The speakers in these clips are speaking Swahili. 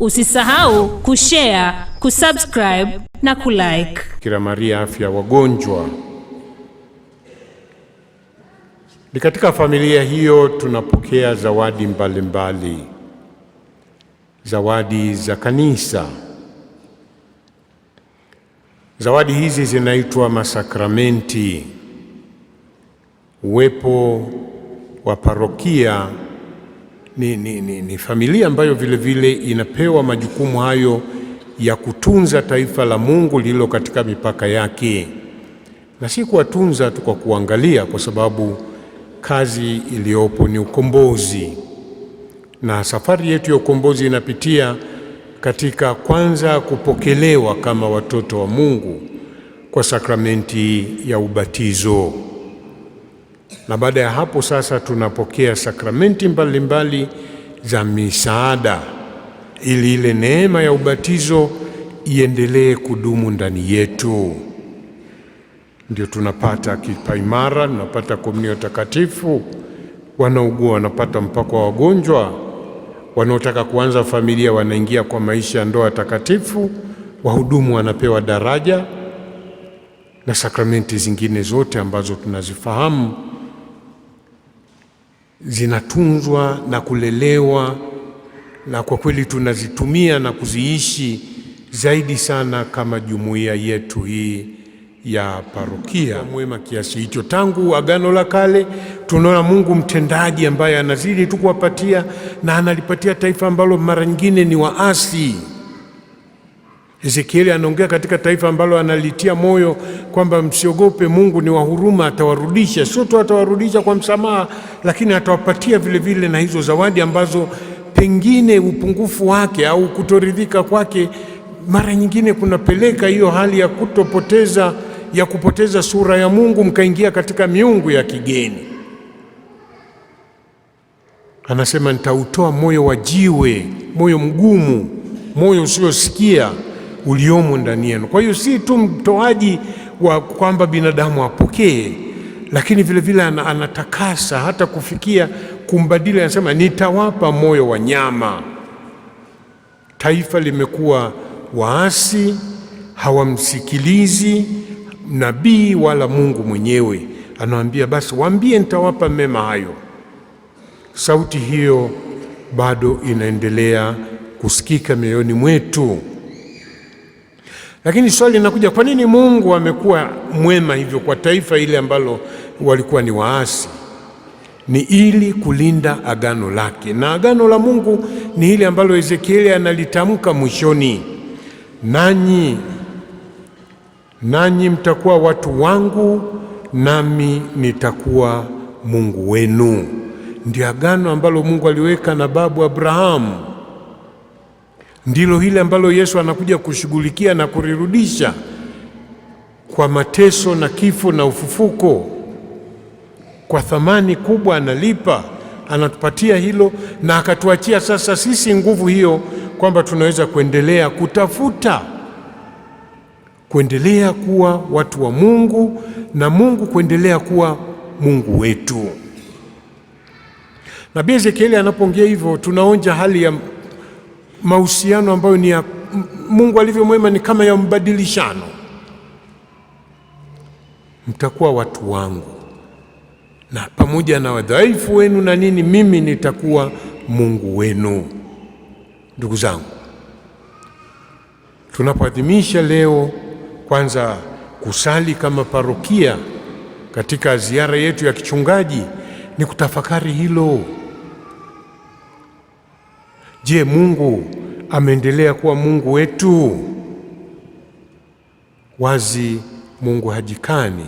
Usisahau kushare, kusubscribe na kulike. Kira Maria afya wagonjwa. Ni katika familia hiyo tunapokea zawadi mbalimbali mbali. Zawadi za kanisa. Zawadi hizi zinaitwa masakramenti. Uwepo wa parokia ni, ni, ni, ni familia ambayo vile vile inapewa majukumu hayo ya kutunza taifa la Mungu lililo katika mipaka yake, na si kuwatunza tu kwa kuangalia, kwa sababu kazi iliyopo ni ukombozi, na safari yetu ya ukombozi inapitia katika kwanza kupokelewa kama watoto wa Mungu kwa sakramenti ya ubatizo na baada ya hapo sasa tunapokea sakramenti mbalimbali mbali za misaada, ili ile neema ya ubatizo iendelee kudumu ndani yetu. Ndio tunapata kipaimara, tunapata komunio takatifu, wanaugua wanapata mpako wa wagonjwa, wanaotaka kuanza familia wanaingia kwa maisha ya ndoa takatifu, wahudumu wanapewa daraja na sakramenti zingine zote ambazo tunazifahamu zinatunzwa na kulelewa, na kwa kweli tunazitumia na kuziishi zaidi sana kama jumuiya yetu hii ya parokia mwema kiasi hicho. Tangu Agano la Kale tunaona Mungu mtendaji ambaye anazidi tu kuwapatia na analipatia taifa ambalo mara nyingine ni waasi. Ezekieli anaongea katika taifa ambalo analitia moyo kwamba msiogope, Mungu ni wa huruma, atawarudisha. Sio tu atawarudisha kwa msamaha, lakini atawapatia vile vile na hizo zawadi ambazo pengine upungufu wake au kutoridhika kwake mara nyingine kunapeleka hiyo hali ya kutopoteza ya kupoteza sura ya Mungu, mkaingia katika miungu ya kigeni. Anasema nitautoa moyo wa jiwe, moyo mgumu, moyo usiosikia uliomo ndani yenu. Kwa hiyo si tu mtoaji wa kwamba binadamu apokee, lakini vilevile vile anatakasa hata kufikia kumbadili, anasema nitawapa moyo wa nyama. Taifa limekuwa waasi, hawamsikilizi nabii wala Mungu mwenyewe. Anawaambia basi, waambie nitawapa mema hayo. Sauti hiyo bado inaendelea kusikika mioyoni mwetu. Lakini swali linakuja, kwa nini Mungu amekuwa mwema hivyo kwa taifa ile ambalo walikuwa ni waasi? Ni ili kulinda agano lake, na agano la Mungu ni ile ambalo Ezekieli analitamka mwishoni, nanyi nanyi mtakuwa watu wangu nami nitakuwa Mungu wenu. Ndio agano ambalo Mungu aliweka na babu Abrahamu ndilo hili ambalo Yesu anakuja kushughulikia na kulirudisha kwa mateso na kifo na ufufuko. Kwa thamani kubwa analipa, anatupatia hilo na akatuachia sasa sisi nguvu hiyo, kwamba tunaweza kuendelea kutafuta, kuendelea kuwa watu wa Mungu na Mungu kuendelea kuwa Mungu wetu. Nabii Ezekieli anapoongea hivyo, tunaonja hali ya mahusiano ambayo ni ya Mungu alivyo mwema, ni kama ya mbadilishano, mtakuwa watu wangu na pamoja na wadhaifu wenu na nini, mimi nitakuwa Mungu wenu. Ndugu zangu, tunapoadhimisha leo kwanza kusali kama parokia katika ziara yetu ya kichungaji, ni kutafakari hilo. Je, Mungu ameendelea kuwa Mungu wetu? Wazi, Mungu hajikani,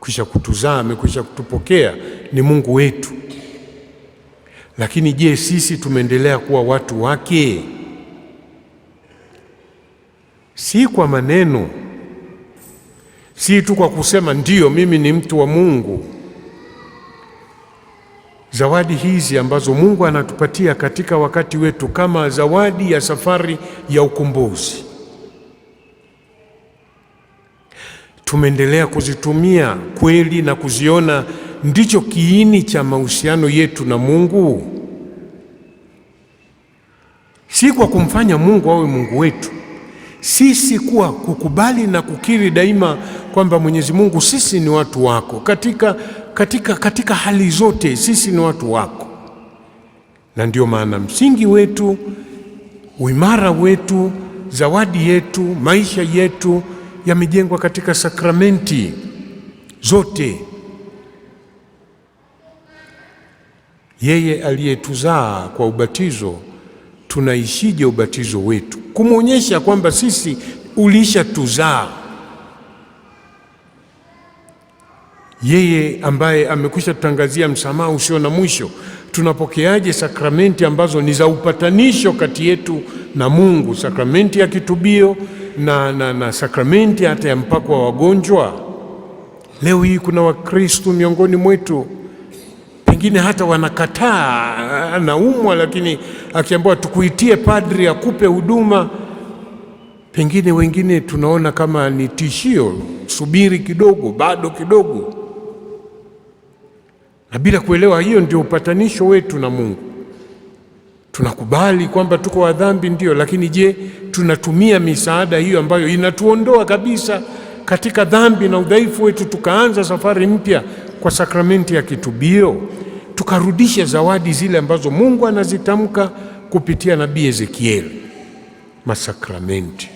kwisha kutuzaa, amekwisha kutupokea, ni Mungu wetu. Lakini je, sisi tumeendelea kuwa watu wake? Si kwa maneno, si tu kwa kusema ndiyo, mimi ni mtu wa Mungu Zawadi hizi ambazo Mungu anatupatia katika wakati wetu kama zawadi ya safari ya ukombozi, tumeendelea kuzitumia kweli na kuziona ndicho kiini cha mahusiano yetu na Mungu, si kwa kumfanya Mungu awe Mungu wetu, sisi kuwa kukubali na kukiri daima kwamba Mwenyezi Mungu, sisi ni watu wako katika katika, katika hali zote sisi ni watu wako, na ndio maana msingi wetu, uimara wetu, zawadi yetu, maisha yetu yamejengwa katika sakramenti zote. Yeye aliyetuzaa kwa ubatizo, tunaishije ubatizo wetu? Kumwonyesha kwamba sisi ulishatuzaa yeye ambaye amekwisha tutangazia msamaha usio na mwisho, tunapokeaje sakramenti ambazo ni za upatanisho kati yetu na Mungu, sakramenti ya kitubio na, na, na sakramenti hata ya mpako wa wagonjwa? Leo hii kuna Wakristo miongoni mwetu pengine hata wanakataa, anaumwa, lakini akiambiwa tukuitie padri akupe huduma pengine wengine tunaona kama ni tishio, subiri kidogo, bado kidogo na bila kuelewa hiyo ndio upatanisho wetu na Mungu. Tunakubali kwamba tuko wa dhambi, ndio, lakini je, tunatumia misaada hiyo ambayo inatuondoa kabisa katika dhambi na udhaifu wetu, tukaanza safari mpya kwa sakramenti ya kitubio, tukarudisha zawadi zile ambazo Mungu anazitamka kupitia nabii Ezekieli, masakramenti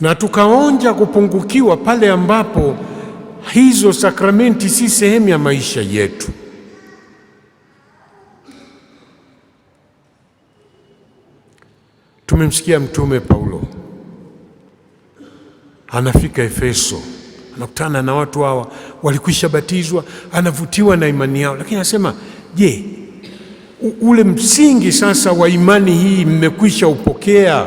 na tukaonja kupungukiwa pale ambapo hizo sakramenti si sehemu ya maisha yetu. Tumemsikia Mtume Paulo anafika Efeso, anakutana na watu hawa walikwisha batizwa, anavutiwa na imani yao, lakini anasema je, ule msingi sasa wa imani hii mmekwisha upokea?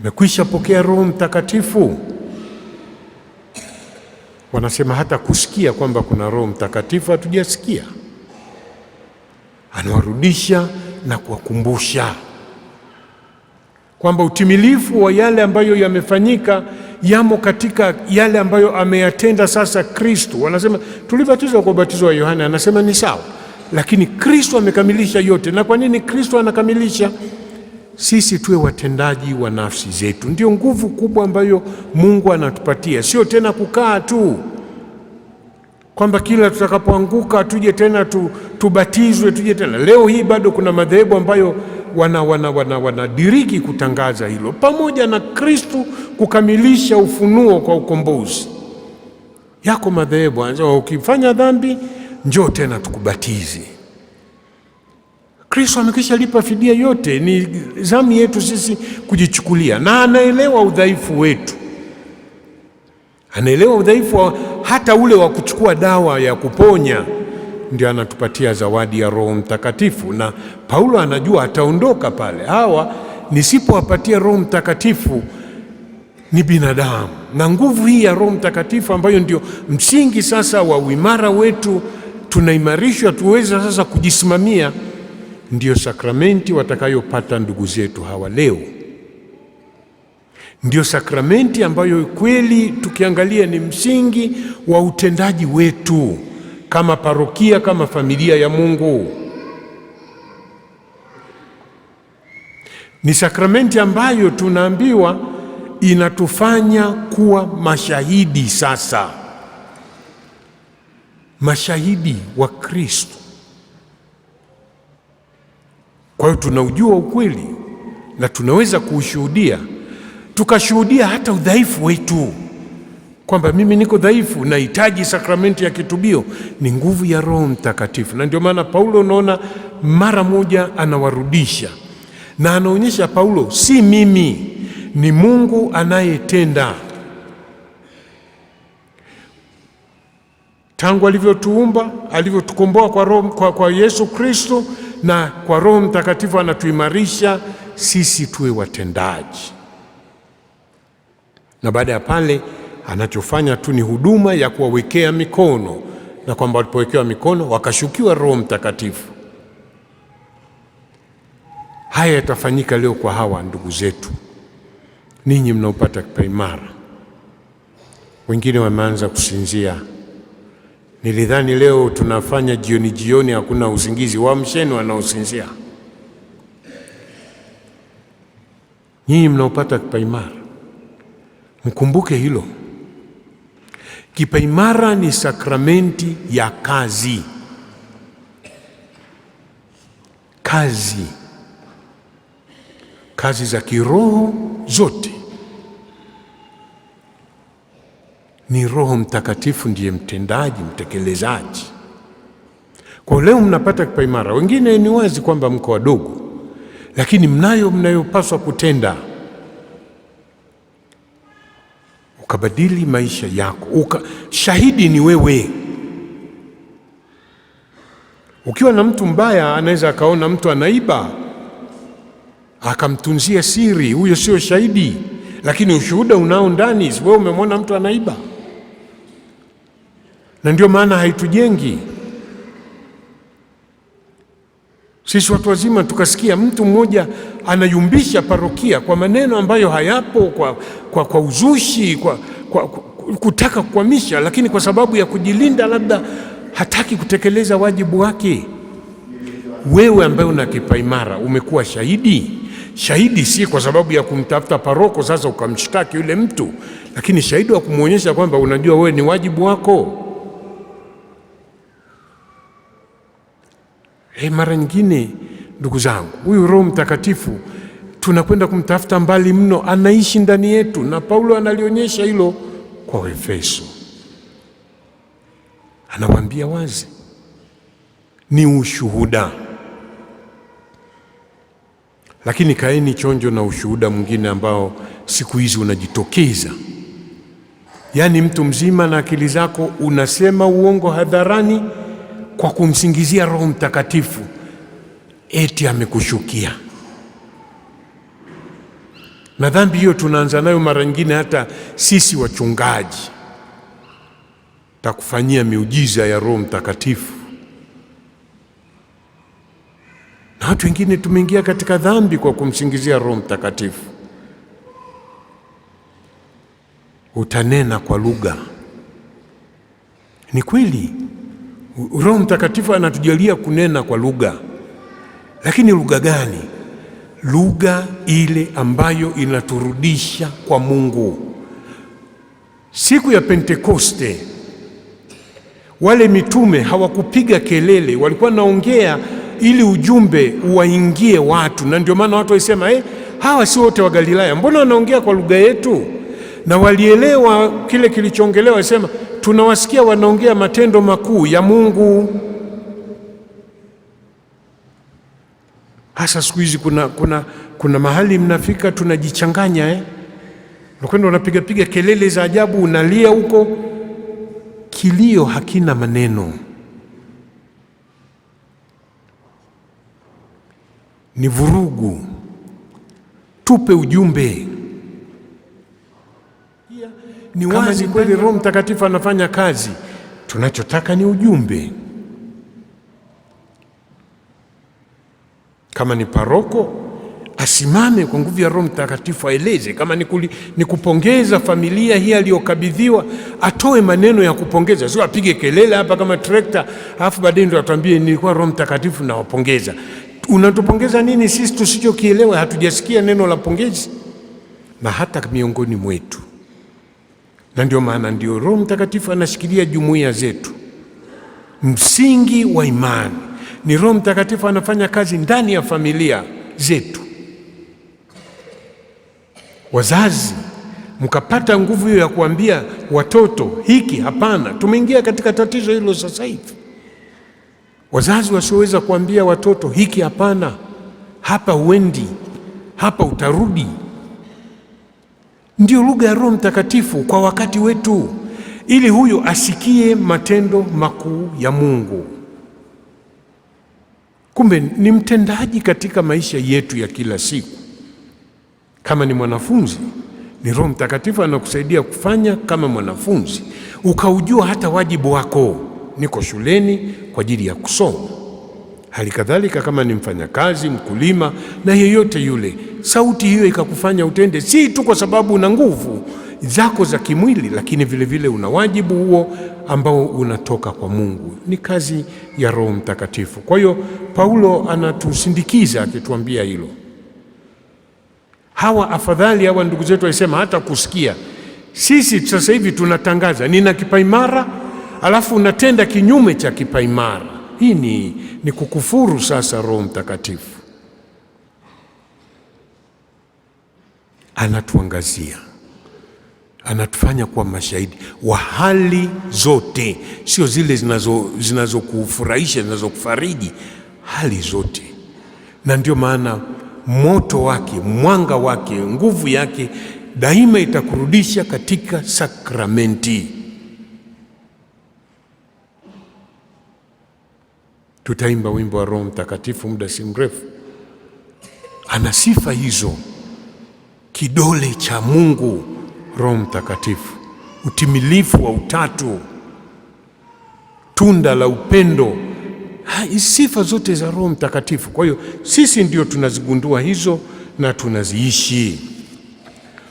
Mmekwisha pokea Roho Mtakatifu? Wanasema hata kusikia kwamba kuna Roho Mtakatifu hatujasikia. Anawarudisha na kuwakumbusha kwamba utimilifu wa yale ambayo yamefanyika yamo katika yale ambayo ameyatenda sasa Kristo. Wanasema tulibatizwa kwa ubatizo wa Yohana, anasema ni sawa, lakini Kristo amekamilisha yote. Na kwa nini Kristo anakamilisha? sisi tuwe watendaji wa nafsi zetu. Ndio nguvu kubwa ambayo Mungu anatupatia, sio tena kukaa tu kwamba kila tutakapoanguka tuje tena tu, tubatizwe tuje tena. Leo hii bado kuna madhehebu ambayo wana, wana, wana, wanadiriki kutangaza hilo, pamoja na Kristu kukamilisha ufunuo kwa ukombozi. Yako madhehebu ukifanya dhambi, njoo tena tukubatize. Kristo amekwisha lipa fidia yote, ni zamu yetu sisi kujichukulia, na anaelewa udhaifu wetu, anaelewa udhaifu hata ule wa kuchukua dawa ya kuponya, ndio anatupatia zawadi ya Roho Mtakatifu. Na Paulo anajua ataondoka pale, hawa nisipowapatia Roho Mtakatifu ni binadamu, na nguvu hii ya Roho Mtakatifu ambayo ndio msingi sasa wa uimara wetu, tunaimarishwa tuweze sasa kujisimamia ndiyo sakramenti watakayopata ndugu zetu hawa leo, ndiyo sakramenti ambayo kweli tukiangalia ni msingi wa utendaji wetu kama parokia, kama familia ya Mungu. Ni sakramenti ambayo tunaambiwa inatufanya kuwa mashahidi sasa, mashahidi wa Kristo kwa hiyo tunaujua ukweli na tunaweza kuushuhudia, tukashuhudia hata udhaifu wetu, kwamba mimi niko dhaifu, nahitaji sakramenti ya kitubio. Ni nguvu ya Roho Mtakatifu, na ndio maana Paulo, unaona, mara moja anawarudisha na anaonyesha Paulo, si mimi, ni Mungu anayetenda tangu alivyotuumba, alivyotukomboa kwa, kwa Yesu Kristo na kwa Roho Mtakatifu anatuimarisha sisi tuwe watendaji. Na baada ya pale, anachofanya tu ni huduma ya kuwawekea mikono, na kwamba walipowekewa mikono wakashukiwa Roho Mtakatifu. Haya yatafanyika leo kwa hawa ndugu zetu, ninyi mnaopata kipaimara. Wengine wameanza kusinzia. Nilidhani leo tunafanya jioni jioni, hakuna usingizi. msheni wanaosinzia, nyinyi mnaopata kipaimara, mkumbuke hilo. Kipaimara ni sakramenti ya kazi, kazi, kazi za kiroho zote ni Roho Mtakatifu ndiye mtendaji, mtekelezaji. Kwa leo mnapata kipaimara, wengine ni wazi kwamba mko wadogo, lakini mnayo mnayopaswa kutenda, ukabadili maisha yako uka, shahidi ni wewe. Ukiwa na mtu mbaya, anaweza akaona mtu anaiba akamtunzia siri, huyo sio shahidi, lakini ushuhuda unao ndani. Wewe umemwona mtu anaiba na ndio maana haitujengi sisi watu wazima. Tukasikia mtu mmoja anayumbisha parokia kwa maneno ambayo hayapo, kwa, kwa, kwa uzushi, kwa, kwa, kwa kutaka kukwamisha, lakini kwa sababu ya kujilinda, labda hataki kutekeleza wajibu wake. Wewe ambaye una kipaimara umekuwa shahidi. Shahidi si kwa sababu ya kumtafuta paroko sasa ukamshtaki yule mtu, lakini shahidi wa kumwonyesha kwamba unajua wewe ni wajibu wako. E, mara nyingine ndugu zangu, huyu Roho Mtakatifu tunakwenda kumtafuta mbali mno, anaishi ndani yetu, na Paulo analionyesha hilo kwa Efeso, Anawaambia wazi, ni ushuhuda, lakini kaeni chonjo na ushuhuda mwingine ambao siku hizi unajitokeza, yaani mtu mzima na akili zako unasema uongo hadharani kwa kumsingizia Roho Mtakatifu eti amekushukia. Na dhambi hiyo tunaanza nayo mara nyingine, hata sisi wachungaji. Takufanyia miujiza ya Roho Mtakatifu, na watu wengine tumeingia katika dhambi kwa kumsingizia Roho Mtakatifu. Utanena kwa lugha, ni kweli Roho Mtakatifu anatujalia kunena kwa lugha, lakini lugha gani? Lugha ile ambayo inaturudisha kwa Mungu. Siku ya Pentekoste wale mitume hawakupiga kelele, walikuwa naongea ili ujumbe uwaingie watu, na ndio maana watu walisema eh, hawa si wote wa Galilaya, mbona wanaongea kwa lugha yetu? Na walielewa kile kilichoongelewa, walisema tunawasikia wanaongea matendo makuu ya Mungu. Hasa siku hizi kuna, kuna, kuna mahali mnafika tunajichanganya eh? Unakwenda unapigapiga kelele za ajabu, unalia huko, kilio hakina maneno. Ni vurugu. Tupe ujumbe ni wazi kweli Roho Mtakatifu anafanya kazi. Tunachotaka ni ujumbe. Kama ni paroko asimame kwa nguvu ya Roho Mtakatifu, aeleze. Kama ni, kuli, ni kupongeza familia hii aliyokabidhiwa, atoe maneno ya kupongeza, sio apige kelele hapa kama trekta, alafu baadaye ndio atuambie nilikuwa Roho Mtakatifu nawapongeza. Unatupongeza nini sisi tusichokielewa? Hatujasikia neno la pongezi. Na hata miongoni mwetu na ndio maana ndio Roho Mtakatifu anashikilia jumuiya zetu. Msingi wa imani ni Roho Mtakatifu anafanya kazi ndani ya familia zetu. Wazazi mkapata nguvu hiyo ya kuambia watoto hiki hapana. Tumeingia katika tatizo hilo sasa hivi, wazazi wasioweza kuambia watoto hiki hapana, hapa uendi, hapa utarudi. Ndiyo lugha ya Roho Mtakatifu kwa wakati wetu, ili huyo asikie matendo makuu ya Mungu. Kumbe ni mtendaji katika maisha yetu ya kila siku. Kama ni mwanafunzi, ni Roho Mtakatifu anakusaidia kufanya kama mwanafunzi, ukaujua hata wajibu wako. Niko shuleni kwa ajili ya kusoma Hali kadhalika kama ni mfanyakazi, mkulima na yeyote yule, sauti hiyo ikakufanya utende, si tu kwa sababu una nguvu zako za kimwili, lakini vile vile una wajibu huo ambao unatoka kwa Mungu. Ni kazi ya Roho Mtakatifu. Kwa hiyo Paulo anatusindikiza akituambia hilo. Hawa afadhali hawa ndugu zetu alisema hata kusikia. Sisi sasa hivi tunatangaza nina kipaimara, alafu unatenda kinyume cha kipaimara. Hii ni, ni kukufuru sasa Roho Mtakatifu anatuangazia anatufanya kuwa mashahidi wa hali zote, sio zile zinazokufurahisha zinazo zinazokufariji, hali zote. Na ndio maana moto wake, mwanga wake, nguvu yake daima itakurudisha katika sakramenti. Tutaimba wimbo wa Roho Mtakatifu muda si mrefu. Ana sifa hizo, kidole cha Mungu, Roho Mtakatifu, utimilifu wa utatu, tunda la upendo, sifa zote za Roho Mtakatifu. Kwa hiyo sisi ndio tunazigundua hizo na tunaziishi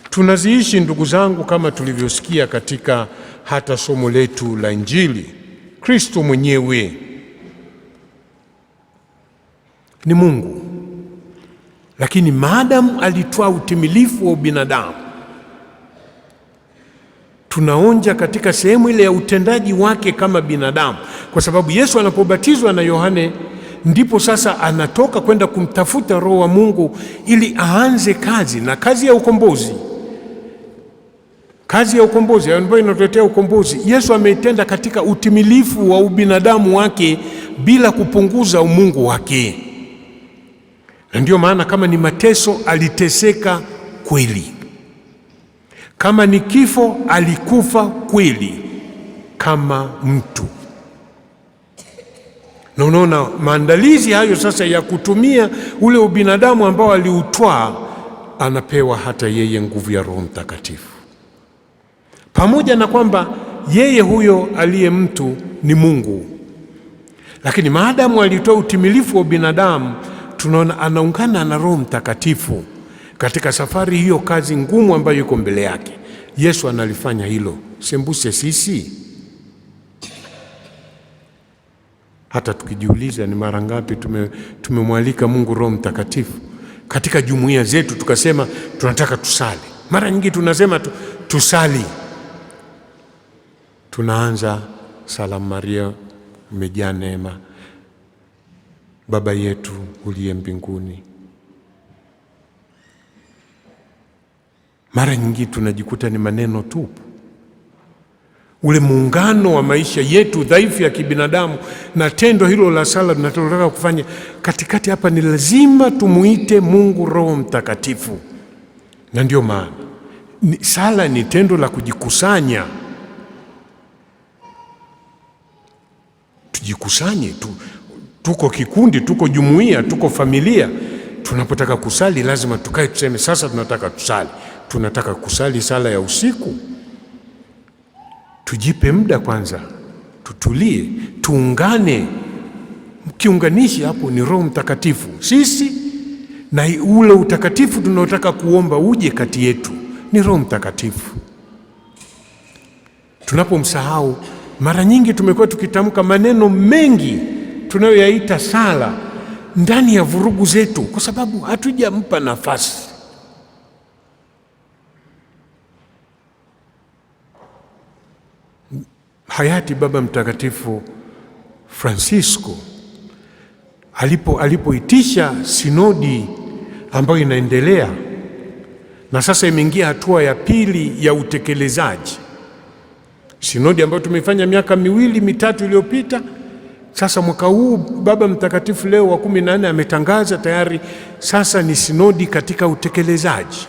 tunaziishi ndugu zangu, kama tulivyosikia katika hata somo letu la Injili, Kristo mwenyewe ni Mungu, lakini maadamu alitoa utimilifu wa ubinadamu, tunaonja katika sehemu ile ya utendaji wake kama binadamu, kwa sababu Yesu anapobatizwa na Yohane ndipo sasa anatoka kwenda kumtafuta Roho wa Mungu ili aanze kazi na kazi ya ukombozi, kazi ya ukombozi ambayo inatuletea ukombozi. Yesu ameitenda katika utimilifu wa ubinadamu wake bila kupunguza umungu wake. Na ndiyo maana kama ni mateso aliteseka kweli, kama ni kifo alikufa kweli kama mtu. Na unaona maandalizi hayo sasa ya kutumia ule ubinadamu ambao aliutwaa, anapewa hata yeye nguvu ya Roho Mtakatifu, pamoja na kwamba yeye huyo aliye mtu ni Mungu, lakini maadamu alitoa utimilifu wa ubinadamu tunaona anaungana na Roho Mtakatifu katika safari hiyo, kazi ngumu ambayo iko mbele yake. Yesu analifanya hilo sembuse sisi. Hata tukijiuliza ni mara ngapi tumemwalika tume Mungu Roho Mtakatifu katika jumuiya zetu, tukasema tunataka tusali. Mara nyingi tunasema tu, tusali, tunaanza salamu Maria umejaa neema Baba yetu uliye mbinguni. Mara nyingi tunajikuta ni maneno tupu. Ule muungano wa maisha yetu dhaifu ya kibinadamu na tendo hilo la sala tunataka kufanya katikati hapa, ni lazima tumuite Mungu Roho Mtakatifu, na ndio maana sala ni tendo la kujikusanya. Tujikusanye tu tuko kikundi, tuko jumuiya, tuko familia. Tunapotaka kusali lazima tukae tuseme, sasa tunataka tusali, tunataka kusali sala ya usiku. Tujipe muda kwanza, tutulie, tuungane. Kiunganishi hapo ni Roho Mtakatifu sisi na ule utakatifu tunaotaka kuomba uje kati yetu ni Roho Mtakatifu. Tunapomsahau mara nyingi tumekuwa tukitamka maneno mengi tunayoyaita sala ndani ya vurugu zetu, kwa sababu hatujampa nafasi. Hayati Baba Mtakatifu Francisco alipo alipoitisha sinodi ambayo inaendelea na sasa imeingia hatua ya pili ya utekelezaji, sinodi ambayo tumeifanya miaka miwili mitatu iliyopita sasa mwaka huu Baba Mtakatifu Leo wa kumi na nne ametangaza tayari, sasa ni sinodi katika utekelezaji,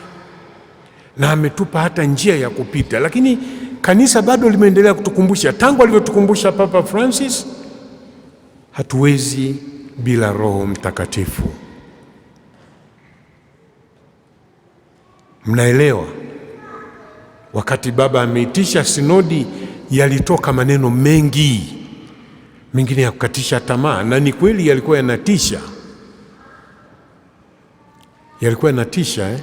na ametupa hata njia ya kupita, lakini kanisa bado limeendelea kutukumbusha tangu alivyotukumbusha Papa Francis, hatuwezi bila Roho Mtakatifu. Mnaelewa, wakati Baba ameitisha sinodi, yalitoka maneno mengi mengine ya kukatisha tamaa, na ni kweli yalikuwa yanatisha, yalikuwa yanatisha eh?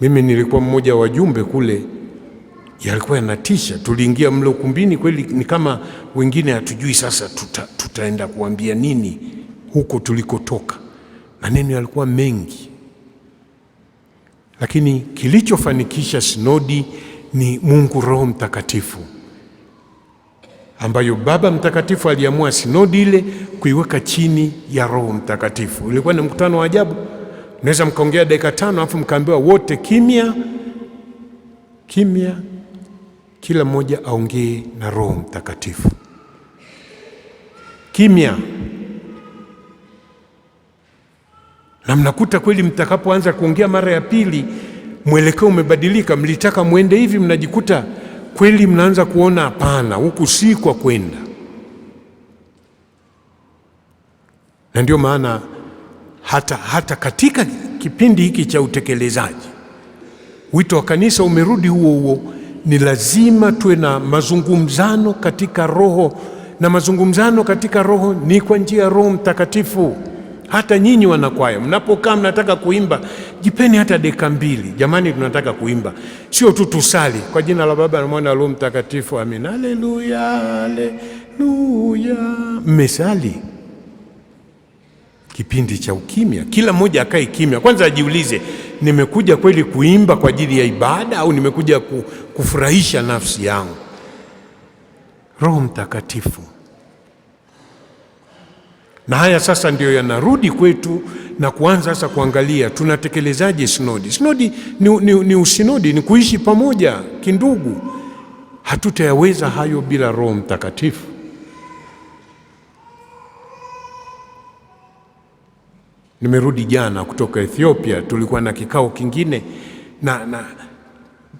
Mimi nilikuwa mmoja wa wajumbe kule, yalikuwa yanatisha. Tuliingia mle ukumbini, kweli ni kama wengine hatujui sasa tuta, tutaenda kuambia nini huko tulikotoka. Maneno yalikuwa mengi, lakini kilichofanikisha sinodi ni Mungu Roho Mtakatifu ambayo Baba Mtakatifu aliamua sinodi ile kuiweka chini ya Roho Mtakatifu. ilikuwa ni mkutano wa ajabu, naweza mkaongea dakika tano alafu mkaambiwa wote kimya kimya, kila mmoja aongee na Roho Mtakatifu. Kimya na mnakuta kweli, mtakapoanza kuongea mara ya pili mwelekeo umebadilika. Mlitaka mwende hivi, mnajikuta kweli mnaanza kuona hapana, huku si kwa kwenda. Na ndio maana hata, hata katika kipindi hiki cha utekelezaji wito wa kanisa umerudi huo huo, ni lazima tuwe na mazungumzano katika roho, na mazungumzano katika roho ni kwa njia ya Roho Mtakatifu. Hata nyinyi wanakwaya, mnapokaa mnataka kuimba, jipeni hata dakika mbili. Jamani, tunataka kuimba, sio tu tusali. Kwa jina la Baba na Mwana na Roho Mtakatifu, amina. Haleluya, haleluya. Mmesali kipindi cha ukimya, kila mmoja akae kimya kwanza, ajiulize, nimekuja kweli kuimba kwa ajili ya ibada au nimekuja kufurahisha nafsi yangu? Roho Mtakatifu na haya sasa ndio yanarudi kwetu na kuanza sasa kuangalia tunatekelezaje sinodi. Sinodi ni, ni, ni usinodi, ni kuishi pamoja kindugu. Hatutayaweza hayo bila Roho Mtakatifu. Nimerudi jana kutoka Ethiopia, tulikuwa na kikao kingine na, na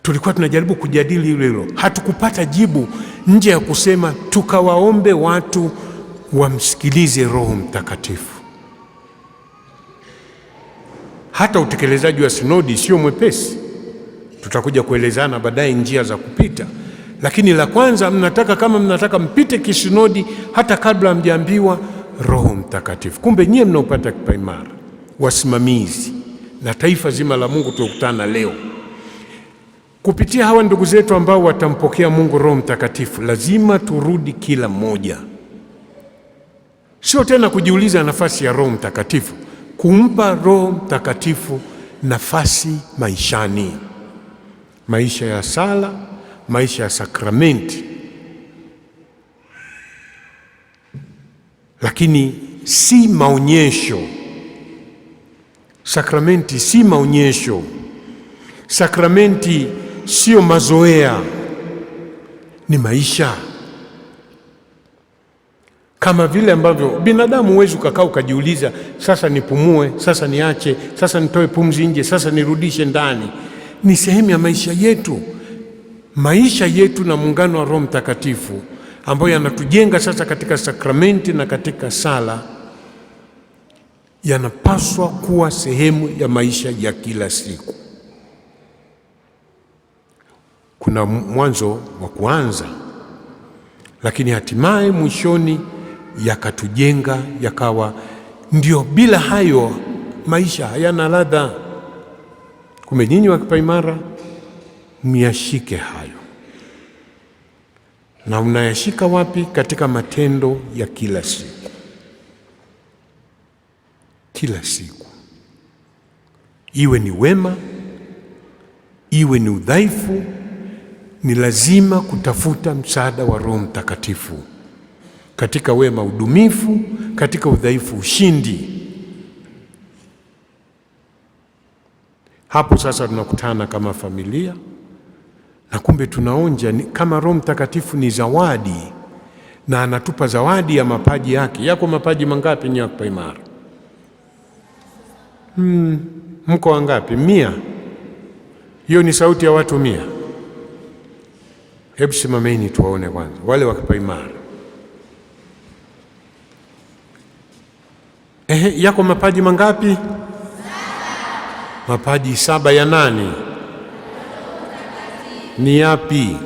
tulikuwa tunajaribu kujadili hilo hilo, hatukupata jibu nje ya kusema tukawaombe watu wamsikilize Roho Mtakatifu. Hata utekelezaji wa sinodi sio mwepesi, tutakuja kuelezana baadaye njia za kupita, lakini la kwanza mnataka, kama mnataka mpite kisinodi, hata kabla mjaambiwa Roho Mtakatifu. Kumbe nyie mnaopata kipaimara, wasimamizi na taifa zima la Mungu tuokutana leo kupitia hawa ndugu zetu ambao watampokea Mungu Roho Mtakatifu, lazima turudi kila mmoja sio tena kujiuliza nafasi ya Roho Mtakatifu, kumpa Roho Mtakatifu nafasi maishani, maisha ya sala, maisha ya sakramenti, lakini si maonyesho. Sakramenti si maonyesho, sakramenti sio mazoea, ni maisha kama vile ambavyo binadamu huwezi ukakaa ukajiuliza, sasa nipumue, sasa niache, sasa nitoe pumzi nje, sasa nirudishe ndani. Ni sehemu ya maisha yetu, maisha yetu na muungano wa Roho Mtakatifu ambayo yanatujenga sasa katika sakramenti na katika sala, yanapaswa kuwa sehemu ya maisha ya kila siku. Kuna mwanzo wa kuanza, lakini hatimaye mwishoni yakatujenga, yakawa ndio. Bila hayo maisha hayana ladha. Kumbe nyinyi wa Kipaimara myashike hayo, na unayashika wapi? Katika matendo ya kila siku, kila siku, iwe ni wema, iwe ni udhaifu, ni lazima kutafuta msaada wa Roho Mtakatifu katika wema udumifu, katika udhaifu ushindi. Hapo sasa tunakutana kama familia, na kumbe tunaonja kama Roho Mtakatifu ni zawadi, na anatupa zawadi ya mapaji yake. Yako mapaji mangapi ni ya imara Hmm, mko wangapi? Mia? Hiyo ni sauti ya watu mia. Hebu simameni tuwaone kwanza wale imara Ehe, yako mapaji mangapi? Saba. Mapaji saba ya nani? Ni yapi?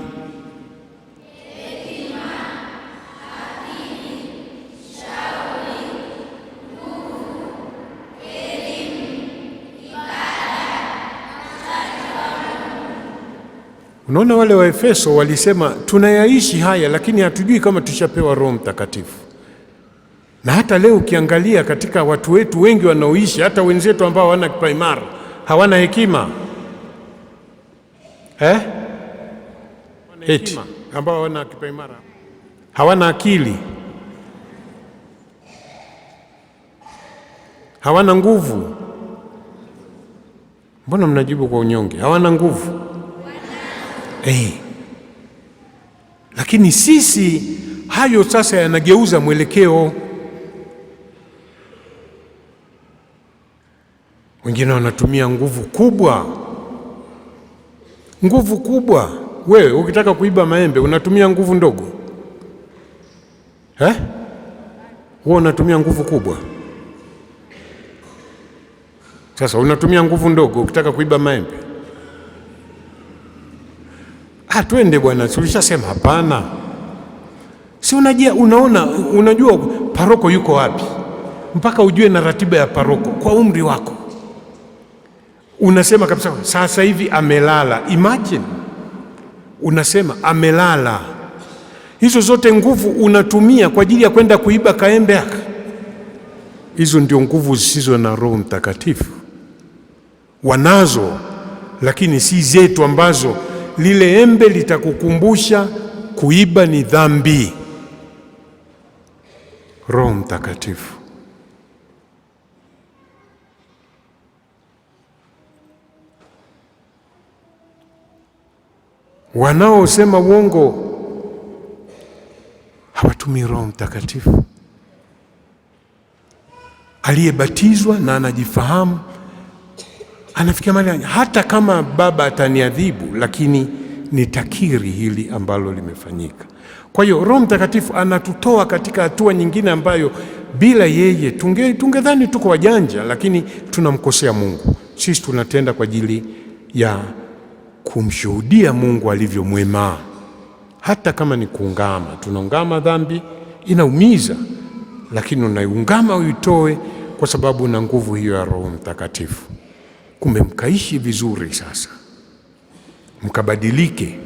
Unaona, wale wa Efeso walisema tunayaishi haya, lakini hatujui kama tushapewa Roho Mtakatifu. Na hata leo ukiangalia katika watu wetu wengi wanaoishi, hata wenzetu ambao hawana kipaimara hawana hekima eh? hekima ambao hawana kipaimara, hawana akili, hawana nguvu. Mbona mnajibu kwa unyonge? Hawana nguvu eh. Lakini sisi hayo sasa yanageuza mwelekeo. Wengine wanatumia nguvu kubwa, nguvu kubwa. Wewe ukitaka kuiba maembe unatumia nguvu ndogo eh? Wewe unatumia nguvu kubwa. Sasa unatumia nguvu ndogo ukitaka kuiba maembe. Ah, twende bwana, tulishasema hapana. Si unajia, unaona, unajua paroko yuko wapi, mpaka ujue na ratiba ya paroko kwa umri wako unasema kabisa sasa hivi amelala. Imagine unasema amelala, hizo zote nguvu unatumia kwa ajili ya kwenda kuiba kaembe yake. Hizo ndio nguvu zisizo na Roho Mtakatifu. Wanazo lakini si zetu, ambazo lile embe litakukumbusha kuiba ni dhambi. Roho Mtakatifu Wanaosema uongo hawatumii Roho Mtakatifu. Aliyebatizwa na anajifahamu anafikia mali, hata kama Baba ataniadhibu, lakini nitakiri hili ambalo limefanyika. Kwa hiyo Roho Mtakatifu anatutoa katika hatua nyingine ambayo bila yeye tunge tungedhani tuko wajanja, lakini tunamkosea Mungu. Sisi tunatenda kwa ajili ya kumshuhudia Mungu alivyo mwema, hata kama ni kuungama. Tunaungama dhambi, inaumiza, lakini unaiungama uitoe, kwa sababu na nguvu hiyo ya Roho Mtakatifu. Kumbe mkaishi vizuri sasa, mkabadilike.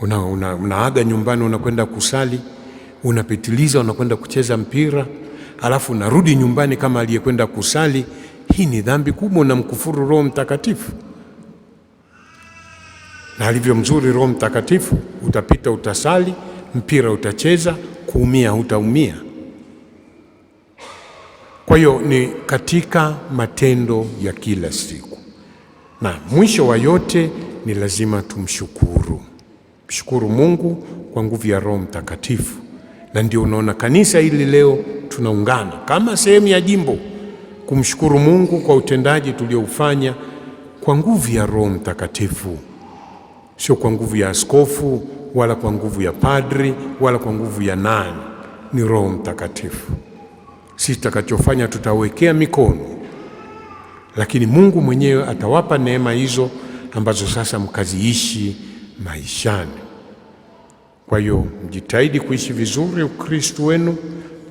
Unaaga una, una nyumbani, unakwenda kusali, unapitiliza, unakwenda kucheza mpira, alafu narudi nyumbani kama aliyekwenda kusali. Hii ni dhambi kubwa, unamkufuru Roho Mtakatifu. Na alivyo mzuri Roho Mtakatifu, utapita utasali, mpira utacheza, kuumia hutaumia. Kwa hiyo ni katika matendo ya kila siku, na mwisho wa yote ni lazima tumshukuru, mshukuru Mungu kwa nguvu ya Roho Mtakatifu, na ndio unaona kanisa hili leo tunaungana kama sehemu ya jimbo kumshukuru Mungu kwa utendaji tulioufanya kwa nguvu ya Roho Mtakatifu, sio kwa nguvu ya askofu wala kwa nguvu ya padri wala kwa nguvu ya nani, ni Roho Mtakatifu. Sisi tutakachofanya tutawekea mikono, lakini Mungu mwenyewe atawapa neema hizo ambazo sasa mkaziishi maishani. Kwa hiyo mjitahidi kuishi vizuri Ukristo wenu,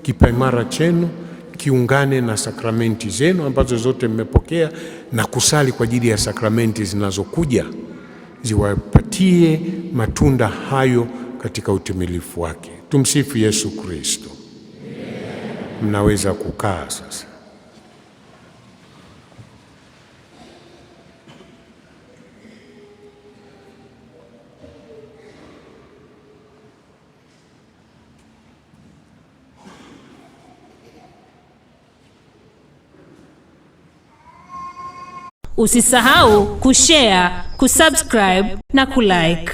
kipaimara chenu kiungane na sakramenti zenu ambazo zote mmepokea na kusali kwa ajili ya sakramenti zinazokuja ziwapatie matunda hayo katika utimilifu wake. Tumsifu Yesu Kristo. Mnaweza kukaa sasa. Usisahau kushare, kusubscribe na kulike.